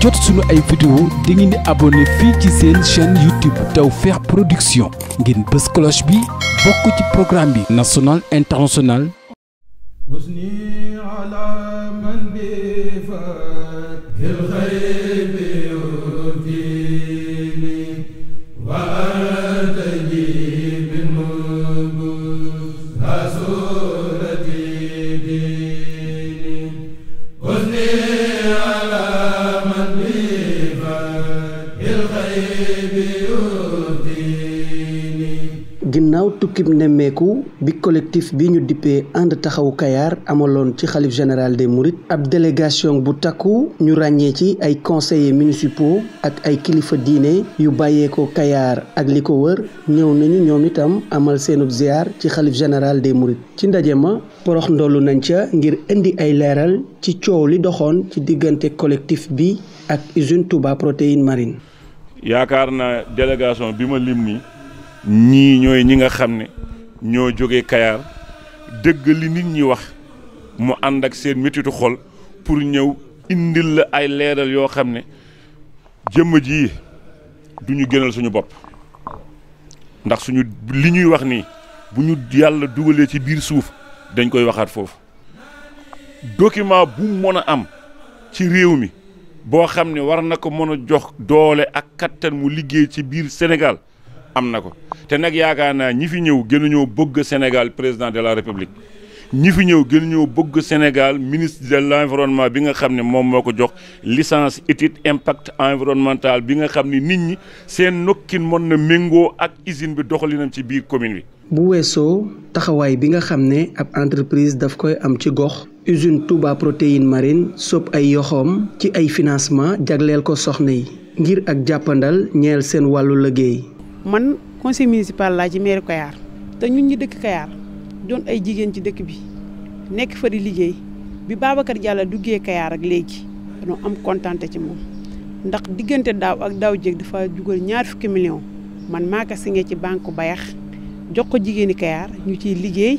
jot suñu ay vidéo da ngeen di abonné fii ci seen chaîne YouTube Tawfekh Production ngeen bës cloche bi bokk ci programme bi national international usni ala man bi fa il xaybi Yeah. على من بفعل الخير ginnaaw tukkib nemmeeku bi collectif bi ñu dippee ànd taxawu kayaar amaloon ci xalif général de murit ab délégation bu takku ñu ràññee ci ay conseillers municipaux ak ay kilifa diine yu bàyyeekoo Kayar ak li ko wër ñëw nañu ñoom itam amal seenub ziar ci xalif général des Mourides ci ndaje ma porox ndollu nañ ca ngir indi ay leeral ci coow li doxoon ci diggante collectif bi ak usine Touba protéine marine. yaakaar naa délégation bi ma lim nii ñii ñooy ñi nga xam ne ñoo jóge Kayaar dëgg li nit ñi wax mu ànd ak seen métitu xol pour ñëw indil la ay leeral yoo xam ne jëmm ji du ñu gënal suñu bopp ndax suñu li ñuy wax nii bu ñu yàlla dugalee ci biir suuf dañ koy waxaat foofu document bu mën a am ci réew mi boo xam ne war na ko mën a jox doole ak kattan mu liggéey ci biir senegal am na ko te nag yaakaar naa ñi fi ñëw gënuñoo bëgg Sénégal président de la république ñi fi ñëw gënuñoo bëgg Sénégal ministre de l' environnement bi nga xam ne moom moo ko jox licence étude impact environnemental bi nga xam ne nit ñi seen nokkin mën na méngoo ak usine bi doxalinam ci biir commune bi. bu weesoo taxawaay bi nga xam ne ab entreprise daf koy am ci gox. usine Touba protéine marine sopp ay yoxoom ci ay financement jagleel ko soxna yi ngir ak jàppandal ñeel seen wàllu liggéey. conseil municipal laa ci mairie Kayar te ñun ñi dëkk kayaar doon ay jigéen ci dëkk bi nekk fa di liggéey bi Babacar jàll duggee kayaar ak léegi dañoo am kontante ci moom ndax diggante daaw ak daaw jéeg dafa jugal ñaar fukki million man maa si signé ci banque Bayax jox ko jigéeni kayaar ñu ciy liggéey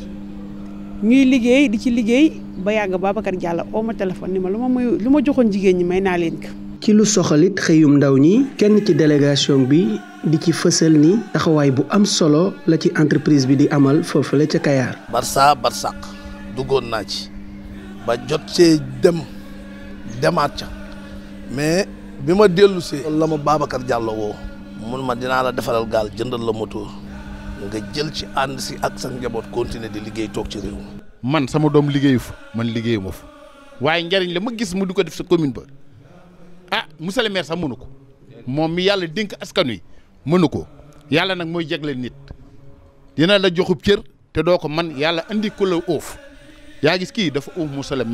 ñuy liggéey di ci liggéey ba yàgg Babacar Diallo oo ma téléphone ni ma lu ma muy lu ma joxoon jigéen ñi may naa leen ko ci lu soxalit xëyum ndaw ñi kenn ci délégation bi di ci fësal ni taxawaay bu am solo la ci entreprise bi di amal la ca Kayaar. Barça Barsaq duggoon naa ci ba jot see dem demaat ca mais bi ma dellu see la ma Babacar Diallo woo mun ma dinaa la defaral gaal jëndal la moto nga jël ci ànd si ak sa njaboot continuer di liggéey toog ci réew man sama doom liggéeyu fa man liggéeyu ma fa waaye njariñ la ma gis mu du ko def sa commune ba ah monsieur le maire sax mënu ko moom mi yàlla dénk askan wi mënu ko yàlla nag mooy jegle nit dina la joxub cër te doo ko man yàlla andi ko la uuf yaa gis kii dafa uuf monsieur le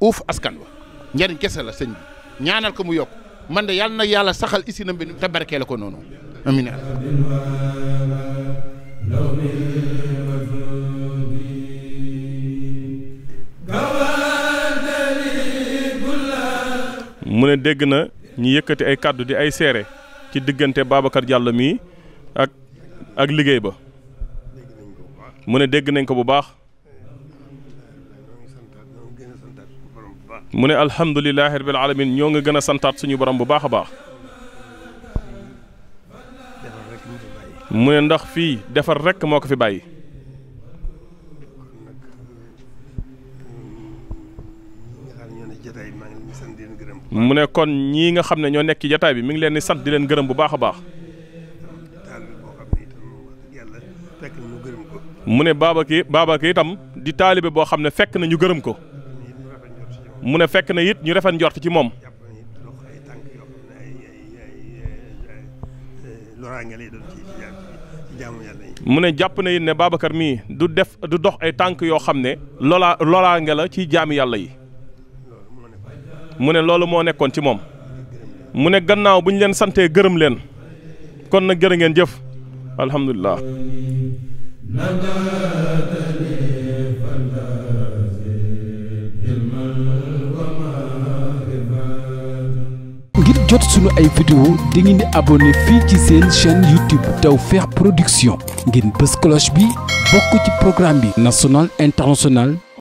uuf askan wa njariñ kese la sëñ bi ñaanal ko mu yokk man de yàlla nag yàlla saxal isi na bi te barkee la ko noonu amiin mu ne dégg na ñu yëkkati ay kàddu di ay seere ci diggante Babacar jàll mii ak liggéey ba mu ne dégg nañ ko bu baax mu ne alhamdulilahi rabbil alamin ñoo nga gën a santaat suñu borom bu baax baax mu ne ndax fii defar rekk moo ko fi bàyyi mu ne kon ñii nga xam ne ñoo nekk ci jataay bi mi ngi leen di sant di leen gërëm bu baax a baax. mu ne baaba ki baaba ki itam di taalibe boo xam ne fekk na ñu gërëm ko. mu ne fekk na it ñu rafet njort ci moom. mu ne jàpp na it ne Babacar mii du def du dox ay tànk yoo xam ne. lola loraange la ci jaami yàlla yi. mu ne loolu moo nekkoon ci moom mu ne gannaaw bu leen santee gërëm leen kon nag jërë ngeen jëf alhamdulilah ngir jot sunu ay vidéo di ngeen di fii ci seen chaîne YouTube Tawfekh Production ngeen bës cloche bi bokk ci programme bi national international